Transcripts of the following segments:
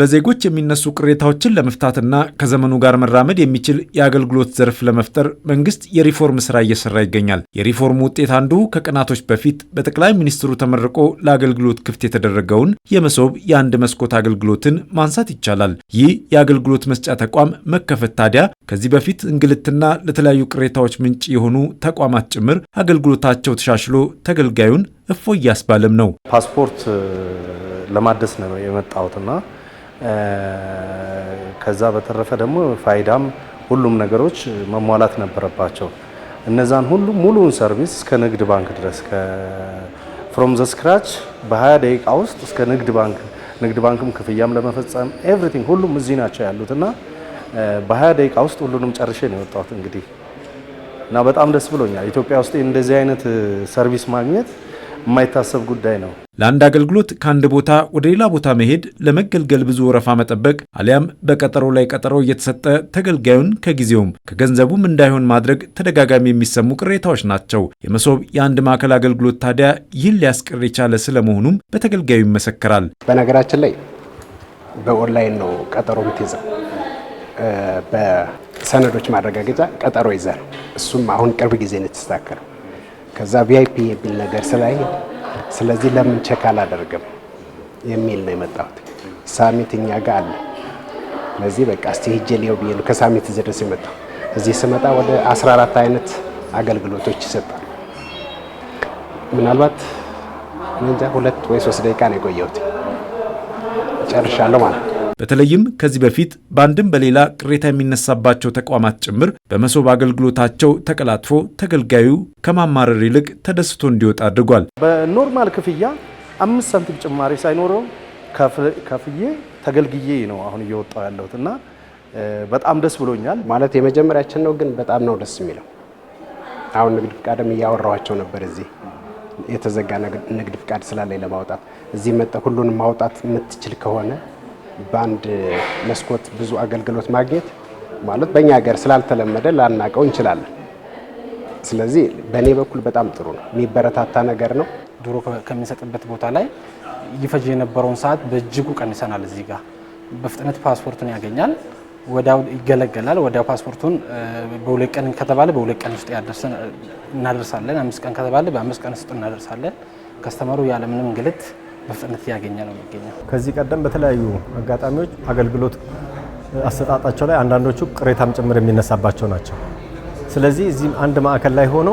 በዜጎች የሚነሱ ቅሬታዎችን ለመፍታትና ከዘመኑ ጋር መራመድ የሚችል የአገልግሎት ዘርፍ ለመፍጠር መንግስት የሪፎርም ስራ እየሰራ ይገኛል። የሪፎርም ውጤት አንዱ ከቀናቶች በፊት በጠቅላይ ሚኒስትሩ ተመርቆ ለአገልግሎት ክፍት የተደረገውን የመሶብ የአንድ መስኮት አገልግሎትን ማንሳት ይቻላል። ይህ የአገልግሎት መስጫ ተቋም መከፈት ታዲያ ከዚህ በፊት እንግልትና ለተለያዩ ቅሬታዎች ምንጭ የሆኑ ተቋማት ጭምር አገልግሎታቸው ተሻሽሎ ተገልጋዩን እፎ እያስባለም ነው። ፓስፖርት ለማደስ ነው የመጣሁትና ከዛ በተረፈ ደግሞ ፋይዳም ሁሉም ነገሮች መሟላት ነበረባቸው። እነዛን ሁሉ ሙሉውን ሰርቪስ እስከ ንግድ ባንክ ድረስ ፍሮም ዘ ስክራች በ20 ደቂቃ ውስጥ እስከ ንግድ ባንክ ንግድ ባንክም ክፍያም ለመፈጸም ኤቭሪቲንግ ሁሉም እዚህ ናቸው ያሉት እና በ20 ደቂቃ ውስጥ ሁሉንም ጨርሼ ነው የወጣሁት እንግዲህ እና በጣም ደስ ብሎኛል። ኢትዮጵያ ውስጥ እንደዚህ አይነት ሰርቪስ ማግኘት የማይታሰብ ጉዳይ ነው። ለአንድ አገልግሎት ከአንድ ቦታ ወደ ሌላ ቦታ መሄድ፣ ለመገልገል ብዙ ወረፋ መጠበቅ፣ አሊያም በቀጠሮ ላይ ቀጠሮ እየተሰጠ ተገልጋዩን ከጊዜውም ከገንዘቡም እንዳይሆን ማድረግ ተደጋጋሚ የሚሰሙ ቅሬታዎች ናቸው። የመሶብ የአንድ ማዕከል አገልግሎት ታዲያ ይህን ሊያስቀር የቻለ ስለመሆኑም በተገልጋዩ ይመሰከራል። በነገራችን ላይ በኦንላይን ነው ቀጠሮ የምትይዘው፣ በሰነዶች ማረጋገጫ ቀጠሮ ይዘ ነው። እሱም አሁን ቅርብ ጊዜ ነው የተስተካከለው። ከዛ ቪአይፒ የሚል ነገር ስላየ ስለዚህ ለምን ቼክ አላደርግም የሚል ነው የመጣሁት። ሳሚት እኛ ጋር አለ። ለዚህ በቃ እስቲ ሄጄ ሊየው ብዬ ነው ከሳሚት እዚህ ድረስ የመጣሁ። እዚህ ስመጣ ወደ 14 አይነት አገልግሎቶች ይሰጣል። ምናልባት ሁለት ወይ ሶስት ደቂቃ ነው የቆየሁት። ጨርሻለሁ ማለት ነው። በተለይም ከዚህ በፊት በአንድም በሌላ ቅሬታ የሚነሳባቸው ተቋማት ጭምር በመሶብ አገልግሎታቸው ተቀላጥፎ ተገልጋዩ ከማማረር ይልቅ ተደስቶ እንዲወጣ አድርጓል። በኖርማል ክፍያ አምስት ሳንቲም ጭማሪ ሳይኖረው ከፍዬ ተገልግዬ ነው አሁን እየወጣው ያለሁት እና በጣም ደስ ብሎኛል። ማለት የመጀመሪያችን ነው፣ ግን በጣም ነው ደስ የሚለው። አሁን ንግድ ፍቃድም እያወራኋቸው ነበር እዚህ የተዘጋ ንግድ ፍቃድ ስላለኝ ለማውጣት እዚህ መጠ ሁሉንም ማውጣት የምትችል ከሆነ በአንድ መስኮት ብዙ አገልግሎት ማግኘት ማለት በእኛ ሀገር ስላልተለመደ ላናቀው እንችላለን። ስለዚህ በእኔ በኩል በጣም ጥሩ ነው፣ የሚበረታታ ነገር ነው። ድሮ ከሚሰጥበት ቦታ ላይ ይፈጅ የነበረውን ሰዓት በእጅጉ ቀንሰናል። እዚህ ጋር በፍጥነት ፓስፖርቱን ያገኛል፣ ወዲያው ይገለገላል። ወዲያው ፓስፖርቱን በሁለት ቀን ከተባለ በሁለት ቀን ውስጥ እናደርሳለን። አምስት ቀን ከተባለ በአምስት ቀን ውስጥ እናደርሳለን። ከስተመሩ ያለምንም እንግልት በፍጥነት እያገኘ ነው የሚገኘው። ከዚህ ቀደም በተለያዩ አጋጣሚዎች አገልግሎት አሰጣጣቸው ላይ አንዳንዶቹ ቅሬታም ጭምር የሚነሳባቸው ናቸው። ስለዚህ እዚህም አንድ ማዕከል ላይ ሆኖ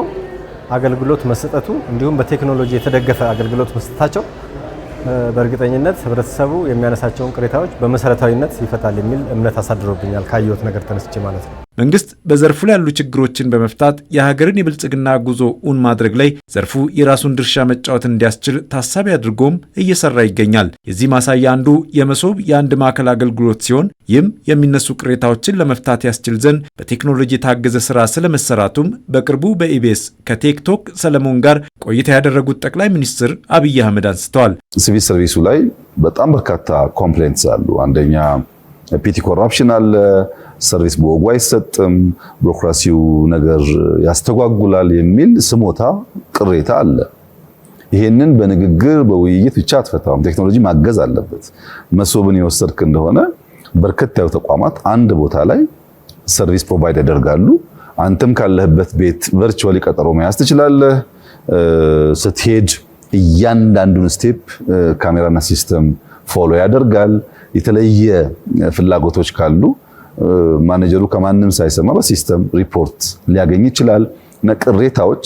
አገልግሎት መሰጠቱ እንዲሁም በቴክኖሎጂ የተደገፈ አገልግሎት መስጠታቸው በእርግጠኝነት ህብረተሰቡ የሚያነሳቸውን ቅሬታዎች በመሰረታዊነት ይፈታል የሚል እምነት አሳድሮብኛል፣ ካየሁት ነገር ተነስቼ ማለት ነው። መንግስት በዘርፉ ላይ ያሉ ችግሮችን በመፍታት የሀገርን የብልጽግና ጉዞ እውን ማድረግ ላይ ዘርፉ የራሱን ድርሻ መጫወት እንዲያስችል ታሳቢ አድርጎም እየሰራ ይገኛል። የዚህ ማሳያ አንዱ የመሶብ የአንድ ማዕከል አገልግሎት ሲሆን ይህም የሚነሱ ቅሬታዎችን ለመፍታት ያስችል ዘንድ በቴክኖሎጂ የታገዘ ስራ ስለመሰራቱም በቅርቡ በኢቢኤስ ከቲክቶክ ሰለሞን ጋር ቆይታ ያደረጉት ጠቅላይ ሚኒስትር አብይ አህመድ አንስተዋል። ሲቪል ሰርቪሱ ላይ በጣም በርካታ ኮምፕሌንትስ አሉ። አንደኛ ፒቲ ኮራፕሽን አለ። ሰርቪስ በወጉ አይሰጥም፣ ቢሮክራሲው ነገር ያስተጓጉላል የሚል ስሞታ፣ ቅሬታ አለ። ይሄንን በንግግር በውይይት ብቻ አትፈታውም። ቴክኖሎጂ ማገዝ አለበት። መሶብን የወሰድክ እንደሆነ በርከት ያሉ ተቋማት አንድ ቦታ ላይ ሰርቪስ ፕሮቫይድ ያደርጋሉ። አንተም ካለህበት ቤት ቨርቹዋሊ ቀጠሮ መያዝ ትችላለህ። ስትሄድ እያንዳንዱን ስቴፕ ካሜራና ሲስተም ፎሎ ያደርጋል። የተለየ ፍላጎቶች ካሉ ማኔጀሩ ከማንም ሳይሰማ በሲስተም ሪፖርት ሊያገኝ ይችላል እና ቅሬታዎች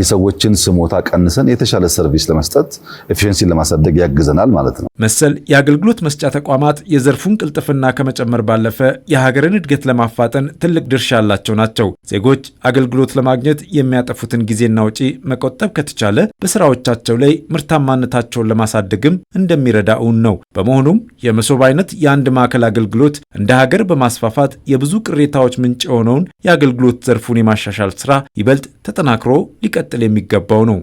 የሰዎችን ስሞታ ቀንሰን የተሻለ ሰርቪስ ለመስጠት ኤፊሽንሲን ለማሳደግ ያግዘናል ማለት ነው። መሰል የአገልግሎት መስጫ ተቋማት የዘርፉን ቅልጥፍና ከመጨመር ባለፈ የሀገርን እድገት ለማፋጠን ትልቅ ድርሻ ያላቸው ናቸው። ዜጎች አገልግሎት ለማግኘት የሚያጠፉትን ጊዜና ውጪ መቆጠብ ከተቻለ በስራዎቻቸው ላይ ምርታማነታቸውን ለማሳደግም እንደሚረዳ እውን ነው። በመሆኑም የመሶብ አይነት የአንድ ማዕከል አገልግሎት እንደ ሀገር በማስፋፋት የብዙ ቅሬታዎች ምንጭ የሆነውን የአገልግሎት ዘርፉን የማሻሻል ስራ ይበልጥ ተጠናክሮ ሊቀጥል የሚገባው ነው።